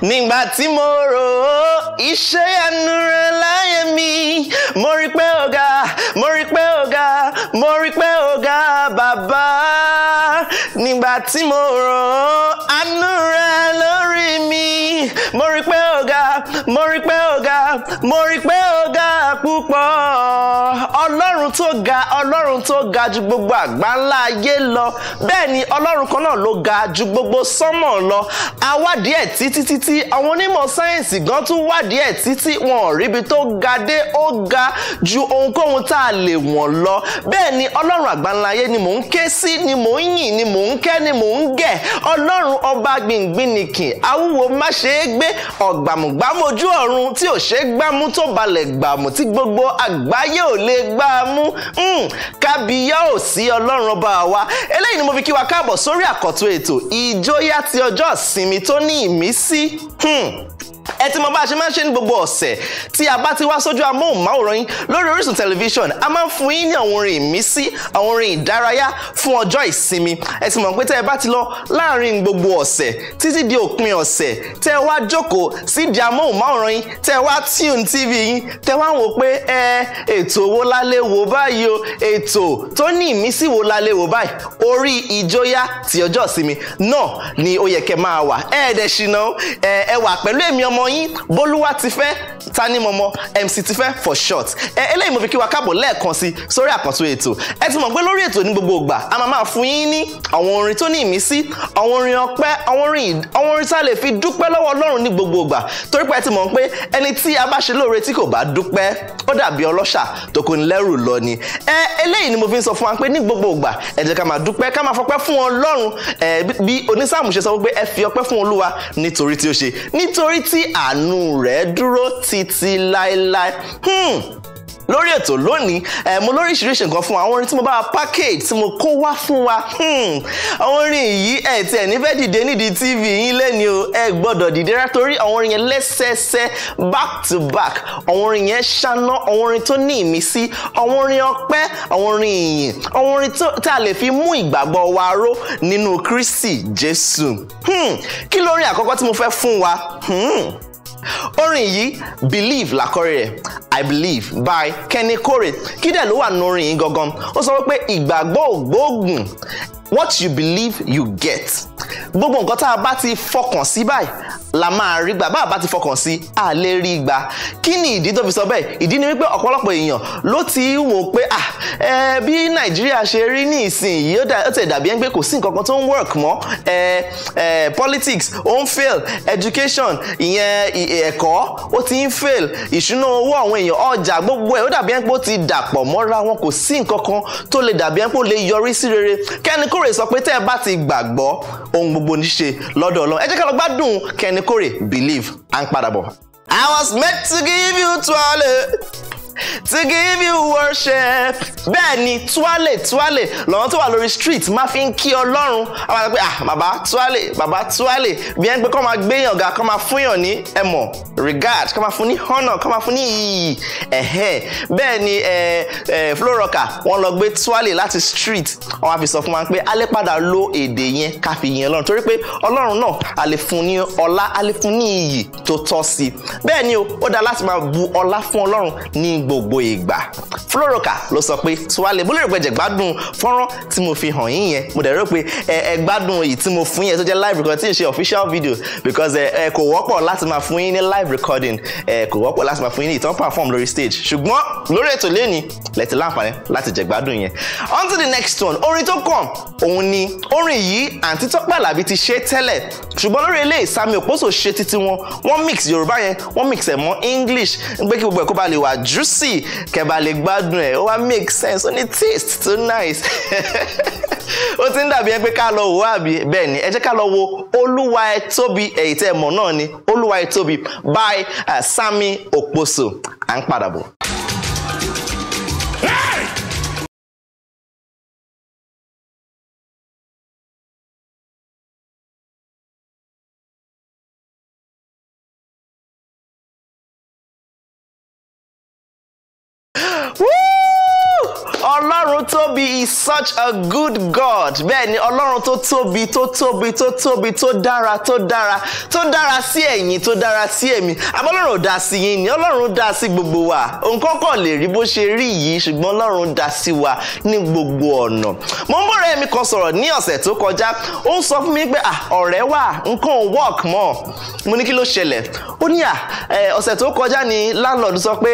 nígbà tí mo rò ó iṣẹ́ àánú rẹ̀ láyé mi mo rí pé ó mo rí pé ó mo rí pé ó bàbá nígbà tí mo rò ó àánú rẹ̀ lórí mi mo rí pé ó mo rí pé ó mo rí pé ọlọ́run tó ga ọlọ́run tó ga ju gbogbo àgbá ńlá ayé lọ bẹ́ẹ̀ ni ọlọ́run kan náà ló ga ju gbogbo sánmọ̀ lọ awádìí ẹ̀ títí títí àwọn onímọ̀ sáyẹ́ǹsì gan tún wádìí ẹ̀ títí wọn ò ríbi tó ga dé ó ga ju ohunkóhun tá a lè wọ̀n lọ bẹ́ẹ̀ ni ọlọ́run àgbá ńlá ayé ni mò ń ké sí ni mò ń yìn ni mò ń kẹ́ ni mò ń gẹ̀ ọlọ́run ọba gbìngbìn nìkìn awúwo má ṣe é gbé ọ̀gbàmùgbàmù ojú ọ̀run tí ò ṣe é gbámú tó balẹ̀ gbàmù tí gbogbo àgbáyé ò lè gbámú mú hmm, kábíyá ò sí ọlọ́run ọba wa eléyìí ni mo fi kí wa káàbọ̀ sórí àkọ́tún ètò ìjóyà ti ọjọ́ ìsinmi tó ní ìmísí. Hmm ẹ ti mọ bá a ṣe máa ń ṣe ní gbogbo ọ̀sẹ̀ tí a bá ti wá sójú amóhùnmáwòrán yín lórí Orísun tẹlifíṣọ̀n a máa ń fún yín ní àwọn orin ìmísí àwọn orin ìdárayá fún ọjọ́ ìsinmi ẹ ti mọ̀ pé tẹ́ ẹ bá ti lọ láàrin gbogbo ọ̀sẹ̀ títí di òpin ọ̀sẹ̀ tẹ́ ẹ wá jókòó sí di amóhùnmáwòrán yín tẹ́ ẹ wá tune tv yín tẹ́ wá wò pé ẹ ètò wo lálẹ́ wò báyìí o ètò tó ní ìmísí wo lálẹ́ wò báyìí orí ti ọjọ́ ìsinmi náà ni ó yẹ kẹ́ máa wà ẹ̀ẹ́dẹ̀ ṣìnà ẹ̀ẹ́wà pẹ̀lú ọmọ yín bólúwá ti fẹ́ tani mc ti fẹ́ for short ẹ eléyìí mo fi kí wa káàbọ̀ lẹ́ẹ̀kan sí sórí àkànṣe ètò ẹ ti mọ̀ pé lórí ètò ní gbogbo ìgbà a máa máa fún yín ní àwọn orin tó ní ìmísí àwọn orin ọpẹ́ àwọn orin àwọn orin tá a lè fi dúpẹ́ lọ́wọ́ ọlọ́run ní gbogbo ìgbà torí pé ẹ ti mọ̀ pé ẹni tí a bá ṣe lóore tí kò bá dúpẹ́ ó dàbí ọlọ́ṣà tó kò lẹ́rù lọ ni ẹ eléyìí ni mo fi ń sọ fún wa pé ní gbogbo ìgbà ẹ jẹ́ ká máa dúpẹ́ ká máa fọpẹ́ fún ọlọ́run bí onísáàmù ṣe sọ wípé ẹ fi ọpẹ́ fún olúwa nítorí tí ó ṣe nítorí tí àánú rẹ̀ dúró títí láéláé. Hmm lórí ètò lónìí ẹ mo lóríṣiríṣi nǹkan fún wa àwọn orin tí mo bá package tí mo kó wá fún wa hmm, àwọn orin yìí ẹ tiẹ̀ nífẹ̀ẹ́ dìde nídìí tv yín lẹ́ni o ẹ gbọ́dọ̀ dìde rá torí àwọn orin yẹn lẹ́sẹẹsẹ back to back àwọn orin yẹn ṣáná àwọn orin tó ní ìmísí àwọn orin ọpẹ́ àwọn orin ìyìn àwọn orin tá a lè fi mú ìgbàgbọ́ wa ró nínú Kristi Jésù hmm, kí lórin àkọ́kọ́ tí mo fẹ́ fún wa hmm, orin yìí believe làkọ́rẹ́ rẹ̀ I Believe by Kenny Kore kí dẹ̀ ló wà nórin yìí gangan ó sọ wípé ìgbàgbọ́ ògbóògùn what you believe you get gbogbo nǹkan tá a bá ti fọkàn sí báyìí la máa rí gbà bá a bá ti fọkàn sí a lè rí gbà kí ni ìdí tó fi sọ bẹ́ẹ̀ ìdí ni wípé ọ̀pọ̀lọpọ̀ èèyàn ló ti wò pé à ẹ bí nàìjíríà ṣe rí ní ìsinyìí ó tẹ̀ dàbí ẹni pé kò sí nǹkan tó ń work mọ́ ẹ ẹ politics ó ń fail education ìyẹn ẹ̀kọ́ ó ti ń fail ìṣúná owó àwọn èèyàn ọjà gbogbo ẹ̀ ó dàbí ẹni pé ó ti dàpọ̀ mọ́ra wọn kò sí nǹkan kan tó lè dàbí ẹni pé ó lè yọrí sí rere kẹ́ni sọ pé tẹ́ ẹ bá ti gbàgbọ́ ohun gbogbo níṣe lọ́dọ̀ ọlọ́run Ẹnikórè believe à padà bọ̀. I was meant to give you twirl to give you worship. bẹ́ẹ̀ ni tuwale tuwale lọ́wọ́n tó wà lórí street máa fi ń kí ọlọ́run a máa sọ ah bàbá tuwale bàbá tuwale bí ẹni pé kọ́ máa gbéyàn ga kọ́ máa fúnyàn ní ẹ̀mọ̀ regard kọ́ máa fún ní honour kọ́ máa fún ní iyì ẹ̀hẹ́n bẹ́ẹ̀ ni floroka wọ́n lọ gbé tuwale láti street wọ́n á fi sọ fún wa pé a lè padà lo èdè yẹn ká fi yin ọlọ́run torí pé ọlọ́run náà a lè fún ní ọlá a lè fún ní iyì tó tọ́ sí bẹ́ẹ̀ o ó dáa láti máa bu ọlá fún ọlọ́run ní gbogbo gbogbo ìgbà Floroka ló sọ pé Tuwale mo lérò pé jẹ gbádùn fọ́nrán tí mo fi hàn yín yẹn mo dẹ̀ rò pé ẹ gbádùn èyí tí mo fún yẹn tó jẹ́ live recording tí n ṣe official video because ẹ kò wọ́pọ̀ láti máa fún yín ní live recording ẹ kò wọ́pọ̀ láti máa fún yín ní ìtàn perform lórí stage ṣùgbọ́n lórí ètò lẹ́ni lẹ́tí láǹfààní láti jẹ gbádùn yẹn on to the next one orin tó kàn òun ni orin yìí àǹtí Tọ́pẹ́ Àlàbí ti ṣe tẹ́lẹ̀ ṣùgbọ́n lórí eléyìí Sami Okposo ṣe títí wọn wọ́n mix Yorùbá yẹn wọ́n mix ẹ̀ mọ́ English pé kí gbogbo ẹ̀ kó lè wà juicy yìí e! lè gbádùn ẹ̀ ó wá make sense ó ní taste tó nice ó ti ń dàbí ẹ pé ká lọ wò àbí bẹ́ẹ̀ ni ẹ jẹ́ ká lọ wo olúwa ẹ tóbi èyí tẹ́ ẹ mọ̀ náà ni olúwa ẹ tóbi by uh, Okposo à ń padà bọ̀. Woo! ọlọ́run tóbi is such a good God bẹ́ẹ̀ ni ọlọ́run tó tóbi tó tóbi tó tóbi tó dára tó dára tó dára sí ẹ̀yin tó dára sí èmi àmọ́ ò dá sí yín ni ọlọ́run dá sí gbogbo wa nǹkan kan lè rí bó ṣe rí yìí ṣùgbọ́n ọlọ́run dá sí wa ní gbogbo ọ̀nà mo ń bọ̀rẹ́ mi kan sọ̀rọ̀ ní ọ̀sẹ̀ tó kọjá ó ń sọ fún mi pé ọ̀rẹ́ wà nǹkan ò work mọ́ mo ní kí ló ṣẹlẹ̀ ó ní à ọ̀sẹ̀ tó kọjá ni landlord sọ pé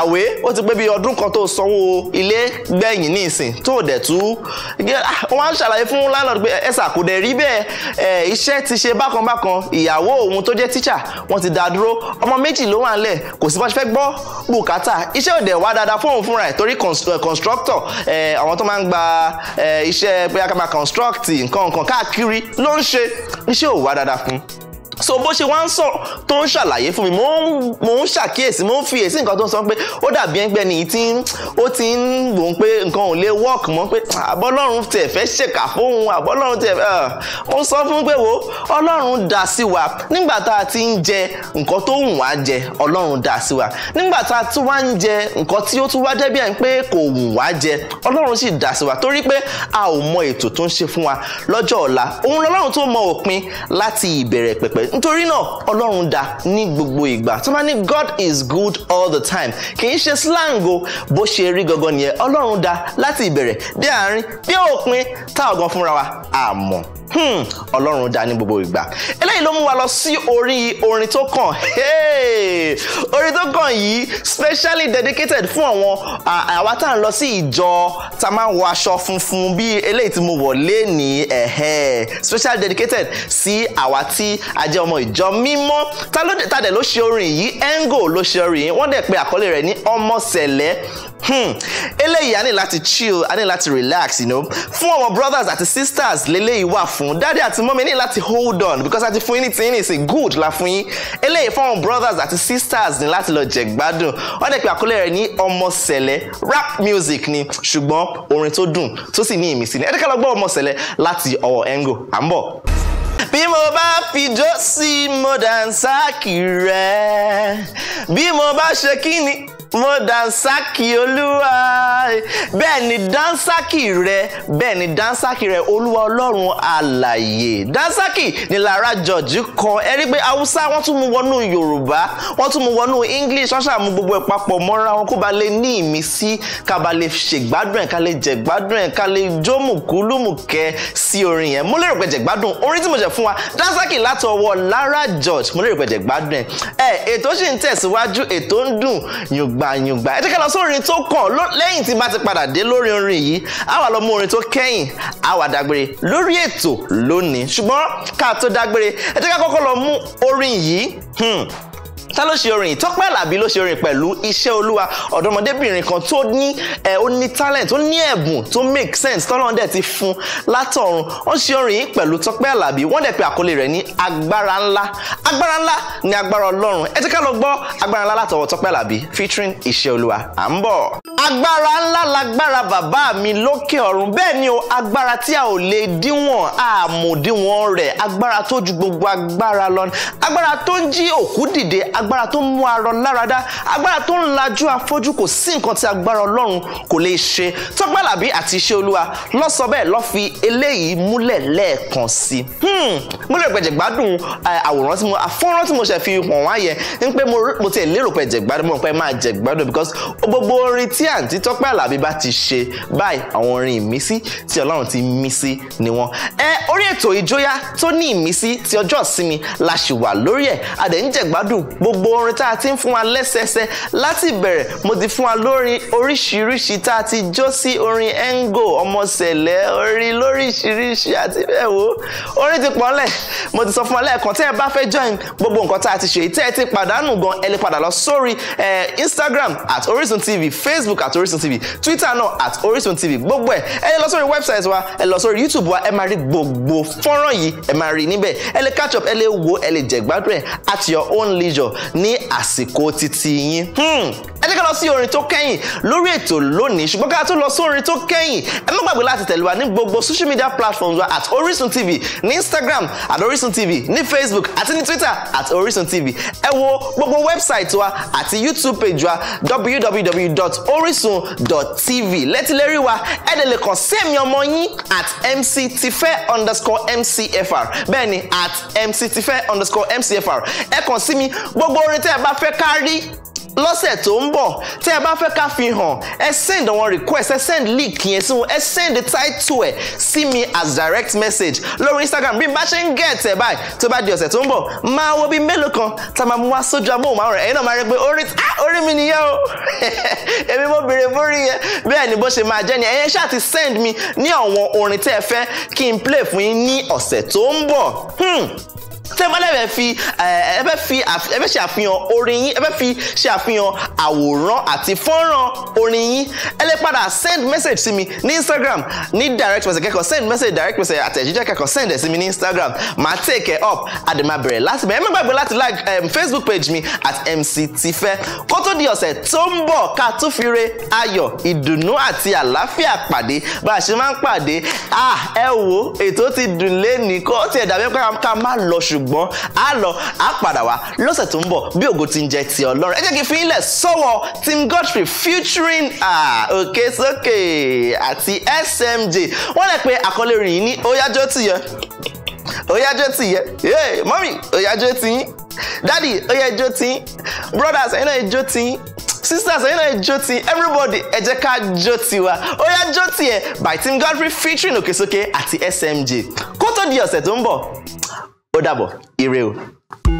àwé ó ti pé bí ọdún kan tó sanwó ilé gbẹ̀yìn ní ìsìn tó dẹ̀ tú ah, wọ́n á ṣàlàyé fún landlord pé ẹ ṣàkódẹ̀ rí bẹ́ẹ̀ iṣẹ́ ti ṣe bákan bákan ìyàwó òun tó jẹ́ tíṣà wọ́n ti dá dúró ọmọ méjì ló wà ńlẹ̀ kò sí bá ṣe fẹ́ gbọ́ bùkátà iṣẹ́ ò dẹ̀ wá dáadáa fún òun fúnra ẹ̀ torí eh, constructor àwọn tó máa ń gba iṣẹ́ pé a ká máa construct nǹkan nǹkan káàkiri ló ń ṣe iṣẹ́ ò wá dáadáa fún so bó ṣe wá ń sọ tó ń ṣàlàyé fún mi mo ń mo ń ṣàkíyèsí mo ń fi èsì nǹkan tó ń sọ pé ó dàbí ẹgbẹ́ ni tí ó ti ń wò ó pé nǹkan ò lè work mọ́ pé àbọ́lọ́run tẹ̀ fẹ́ ṣèkà fóun àbọ́lọ́run tẹ̀ fẹ́ ah, ó sọ fún pé wo ọlọ́run dá sí wa nígbà tá a ti ń jẹ nǹkan tó wù wá jẹ ọlọ́run dá sí wa nígbà tá a tún wá ń jẹ nǹkan tí ó tún wá dẹ́bí ẹ̀ ń pé kò wù wá jẹ ọlọ́run sì dá sí wa torí pé a ò mọ ètò tó ń ṣe fún wa lọ́jọ́ ọ̀la òun lọ́lọ́run tó mọ òpin láti ìbẹ̀rẹ̀ pẹ̀pẹ̀ rẹ̀ nítorí náà ọlọ́run dá ní gbogbo ìgbà tó bá ní God is good all the time kì í ṣe slang o bó ṣe rí gangan nìyẹn ọlọ́run dá láti ìbẹ̀rẹ̀ dé àárín dé òpin táwọn gan fúnra wa àmọ́. Hmm, ọlọ́run dá ní gbogbo ìgbà eléyìí ló mú wa lọ sí orí orin tó kàn orin tó kàn yìí specially dedicated fún àwọn àwa tá à ń lọ sí ìjọ tá a máa ń wọ aṣọ funfun bíi eléyìí tí mo wọ̀ lénìí special dedicated sí àwa tí a jẹ́ ọmọ ìjọ mímọ́ tá dẹ̀ ló ṣe orin yìí engo ló ṣe orin yìí wọ́n dẹ̀ pe àkọlé rẹ̀ ní ọmọ sẹ̀lẹ̀ Hmm. eléyìí a ní láti chill a ní láti relax you know fún àwọn brothers àti sisters lélẹ́yìí wà fún dáadé àti mọ́mi ní láti hold on because àti fún yín ní tí yín ṣe good la fún yín eléyìí fún àwọn brothers àti sisters ní láti lọ jẹ gbádùn wọ́n dẹ̀ pé àkọlé rẹ̀ ní ọmọ sẹ̀lẹ̀ rap music ni ṣùgbọ́n orin tó dùn tó sì ní ìmísí ni ẹ̀ẹ́dẹ́ká lọ gbọ́ ọmọ sẹ̀lẹ̀ láti ọwọ́ engo à ń bọ̀ bí mo bá fijó sí mo dànsákì rẹ̀ bí mo bá ṣe kí ni mo dansaki olúwa bẹ́ẹ̀ ni dansaki rẹ bẹ́ẹ̀ ni dansaki rẹ olúwa ọlọ́run àlàyé dansaki ni Lara George kan ẹ rí pé haúsá wọ́n tún mú wọnú yorùbá wọ́n tún mú wọnú english wọ́n ṣàmú gbogbo ẹ̀ papọ̀ mọ́ra wọn kó ba lè ní ìmísí ká ba lè ṣègbádùn ẹ̀ ká lè jẹ̀gbádùn ẹ̀ ká lè jómùkú lùmùkẹ́ sí orin yẹn mo lérò pé jẹ̀gbádùn orin tí mo jẹ̀ fún wa dansaki láti ọwọ́ Lara George mo lérò pé jẹ̀gbádùn ẹ̀ ẹ̀ ètò ṣì ń tẹ̀síwájú ètò ń dùn yògbá yùngbàyùngbà ẹ jẹ́ ká lọ sórin tó kàn lẹ́yìn tí bá ti padà dé lórí orin yìí a wá lọ mú orin tó kẹ́yìn a wá dágbére lórí ètò lónìí ṣùgbọ́n ká tó dágbére ẹ jẹ́ ká kọ́kọ́ lọ mú orin yìí hmm ta ló ṣe orin Tọ́pẹ́ Àlàbí ló ṣe orin pẹ̀lú iṣẹ́ olúwa ọ̀dọ́mọdébìnrin kan tó ní ẹ̀ ó ní talent ó ní ẹ̀bùn tó make sense tọ́lọ́run dẹ̀ ti fún látọ̀run wọ́n ṣe orin yìí pẹ̀lú Tọ́pẹ́ Àlàbí wọ́n dẹ̀ pe àkọlé rẹ̀ ní agbára ńlá agbára ńlá ni agbára ọlọ́run ẹ ti ká lọ gbọ́ agbára ńlá látọwọ́ Tọ́pẹ́ Àlàbí featuring iṣẹ́ olúwa à ń bọ̀ agbára ńlá lagbára bàbá mi lókè ọ̀run bẹ́ẹ̀ ni o agbára tí a ò lè díwọ̀n àmòdiwọ̀n rẹ̀ agbára tó ju gbogbo agbára lọ agbára tó ń jí òkú dìde agbára tó ń mú arọ láradá agbára tó ń lajú afọ́jú kò sí nǹkan tí agbára ọlọ́run kò lè ṣe Tọ́pẹ́ Àlàbí àti iṣẹ́ olúwa ló sọ bẹ́ẹ̀ fi eléyìí múlẹ̀ lẹ́ẹ̀kan sí i hmm, mo lè pẹ̀jẹ̀ gbádùn eh, àwòrán tí mo àfọ́nrán tí mo ṣe fi hàn wá yẹn ń pé mo tiẹ̀ lérò pẹ̀jẹ̀ gbádùn mo pẹ́ máa jẹ̀ gbádùn because gbogbo orin tí àǹtí tọ́pẹ́ àlàbí bá ti ṣe báyìí àwọn orin ìmísí tí ọlọ́run ti mí sí ni wọ́n. ẹ orí ètò ìjóyà tó ní ìmísí ti ọjọ́ ìsinmi la ṣì wà lórí ẹ̀ adẹ̀ ń jẹ̀gbádùn gbogbo orin tá a ti ń fún wa lẹ́sẹẹsẹ láti bẹ̀rẹ̀ mo ti fún wa lórin oríṣiríṣi tá a ti jó sí orin engo ọmọṣẹ̀lẹ̀ orin lóríṣiríṣi àti bẹ́ẹ̀ wo orin ti pọ̀ lẹ̀ mo ti sọ fún wa lẹ́ẹ̀kan tẹ́ ẹ bá fẹ́ join gbogbo nǹkan tá a ti ṣe tẹ́ ẹ ti pàdánù gan ẹ lè padà lọ sórí Instagram at Orisun TV Facebook at Orisun TV Twitter náà at Orisun TV gbogbo ẹ̀ ẹ lè lọ sórí website wa ẹ lọ sórí YouTube wa ẹ máa rí gbogbo fọ́nrán yìí ẹ máa rí níbẹ̀ ẹ lè catch up ẹ lè wo ẹ lè jẹ̀gbádùn ẹ̀ at your own leisure ní àsìkò títí yín. Hmm ẹ jẹ́ ká lọ sí orin tó kẹ́yìn lórí ètò lónìí ṣùgbọ́n ká tó lọ sí orin tó kẹ́yìn ẹ má gbàgbé láti tẹ̀lé wa ní gbogbo social media platforms wa at Orisun TV ní Instagram at Orisun TV ní Facebook àti ní Twitter at Orisun TV ẹ wo gbogbo website wa àti YouTube page wa www.orisun.tv lẹ́tìlérí wa ẹ lè lè kàn sí èmi ọmọ yín at mctife underscore mcfr bẹ́ẹ̀ ni at mctife underscore mcfr ẹ kàn sí mi gbogbo orin tẹ́ ẹ bá fẹ́ ká lọ́sẹ̀ tó ń bọ̀ tí ẹ bá fẹ́ ká fi hàn ẹ send àwọn request ẹ send link yẹn sí wọn ẹ send the title ẹ sí mi as direct message lórí Instagram bí n bá ṣe ń get ẹ báyìí tó bá di ọ̀sẹ̀ tó ń bọ̀ máa wo bí mélòó kan tá a máa mú wá sójú amóhùnmáwòrán ẹ̀yin náà máa rí pé orí ah, orí mi nìyẹn o èmi mo béèrè bórí yẹn bẹ́ẹ̀ ni bó ṣe máa jẹ́ ni ẹ̀yin ṣáà ti send mi ní àwọn orin tẹ́ ẹ fẹ́ kí n play fún yín ní ọ̀sẹ̀ tó ń bọ̀. Hmm tẹ́fẹ́lẹ́ bẹ fi ẹ bẹ fi ẹ bẹ ṣe àfihàn orin yín ẹ bẹ fi ṣe àfihàn àwòrán àti fọ́nrán orin yín ẹ lè padà send message sí mi ní Instagram ní direct message kẹ́kọ̀ọ́ send message direct message àtẹ̀jíṣẹ́ kẹ́kọ̀ọ́ send ẹ̀ sí mi ní Instagram màá take up àdèmà bẹ̀rẹ̀ láti bẹ̀rẹ̀ ẹ má gbàgbé láti like um, Facebook page mi at MC Tifẹ́ kó tó di ọ̀sẹ̀ tó ń bọ̀ ká tún fi re ayọ̀ ìdùnnú àti àlàáfíà pàdé bá a ṣe máa ń pàdé ah ẹ wo ètò ti dùn lé nìkan ó ti ẹ̀ dàbí ṣùgbọ́n a lọ a padà wá lọ́sẹ̀ tó ń bọ̀ bí ògo ti ń jẹ ti ọlọ́run ẹ jẹ́ kí n fi ilẹ̀ sọ́wọ́ Tim Godfrey featuring Òkèsókè àti SMJ wọ́n lè pe àkọlé orin yìí ní óyájó tìyẹ óyájó tìyẹ mọ́mì óyájó tìyín dádì óyájó tìyín brothers ẹ̀yin náà jó tìyín sisters ẹ̀yin náà jó ti everybody ẹ jẹ́ ká jó ti wa Oya yá jó ti ẹ̀ by Team Godfrey featuring Òkèsókè àti SMJ kó tó di ọ̀sẹ̀ tó ń bọ̀ ó dàbọ̀ ire o.